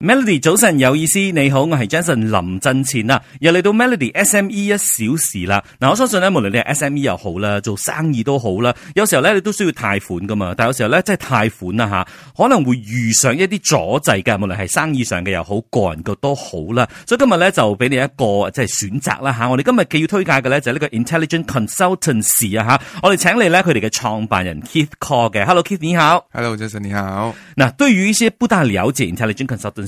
Melody 早晨有意思，你好，我係 Jason 林振前啦，又嚟到 Melody SME 一小時啦。嗱，我相信咧，無論你係 SME 又好啦，做生意都好啦，有時候咧你都需要貸款噶嘛，但係有時候咧即係貸款啦吓，可能會遇上一啲阻滯嘅，無論係生意上嘅又好，個人嘅都好啦。所以今日咧就俾你一個即係選擇啦吓。我哋今日嘅要推介嘅咧就係呢個 Intelligent Consultants 啊吓，我哋請嚟咧佢哋嘅創辦人 Keith Call 嘅，Hello Keith 你好，Hello Jason 你好。嗱，對於一些不大了解 Intelligent Consultants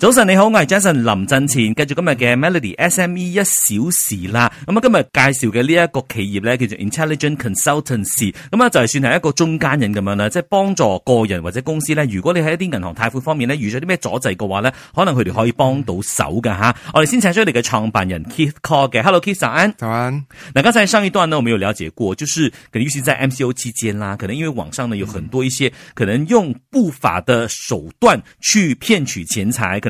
早晨你好，我係 Jason 林振前，繼續今日嘅 Melody S M E 一小時啦。咁啊，今日介紹嘅呢一個企業咧，叫做 Intelligent Consultants，咁啊就係算係一個中間人咁樣啦，即係幫助個人或者公司咧。如果你喺一啲銀行貸款方面咧遇咗啲咩阻滯嘅話咧，可能佢哋可以幫到手噶吓。我哋先請出嚟嘅創辦人 Keith Cole 嘅，Hello Keith，早安。早安。嗱，剛才上一段呢，我們有了解過，就是尤其是在 M C O 期間啦，可能因為網上呢有很多一些可能用不法的手段去騙取錢財。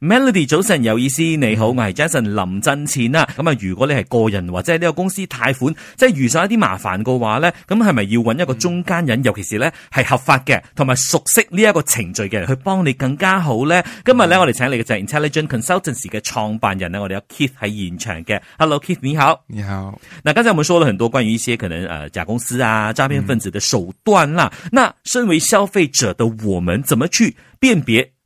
Melody 早晨有意思，你好，我係 Jason 林振錢啦。咁啊，如果你係個人或者係呢個公司貸款，即係遇上一啲麻煩嘅話咧，咁係咪要揾一個中間人、嗯，尤其是咧係合法嘅，同埋熟悉呢一個程序嘅，去幫你更加好咧？今日咧，我哋請嚟嘅就係 Intelligent Consultants 嘅創辦人咧，我哋有 Keith 喺現場嘅。Hello Keith，你好，你好。嗱，剛才我們說了很多關於一些可能誒假公司啊、詐騙分子的手段啦、嗯。那身為消費者的我們，怎麼去辨別？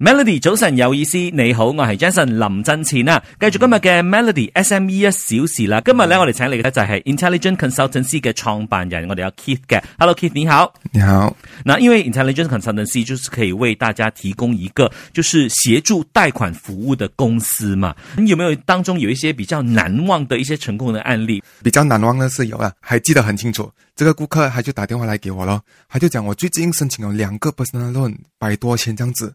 Melody 早晨有意思，你好，我是 Jason 林振奇啊，繼續今日嘅 Melody SME 一小時啦。今日咧，我哋請嚟嘅就係 Intelligent Consultancy 嘅創辦人，我哋叫 Keith 嘅。Hello Keith，你好，你好。嗱，因為 Intelligent Consultancy 就是可以為大家提供一個，就是協助貸款服務的公司嘛。你有沒有當中有一些比較難忘的一些成功的案例？比較難忘的是有啊，還記得很清楚。這個顧客，他就打電話來給我咯，他就講，我最近申請咗兩個 personal loan，百多千，這樣子。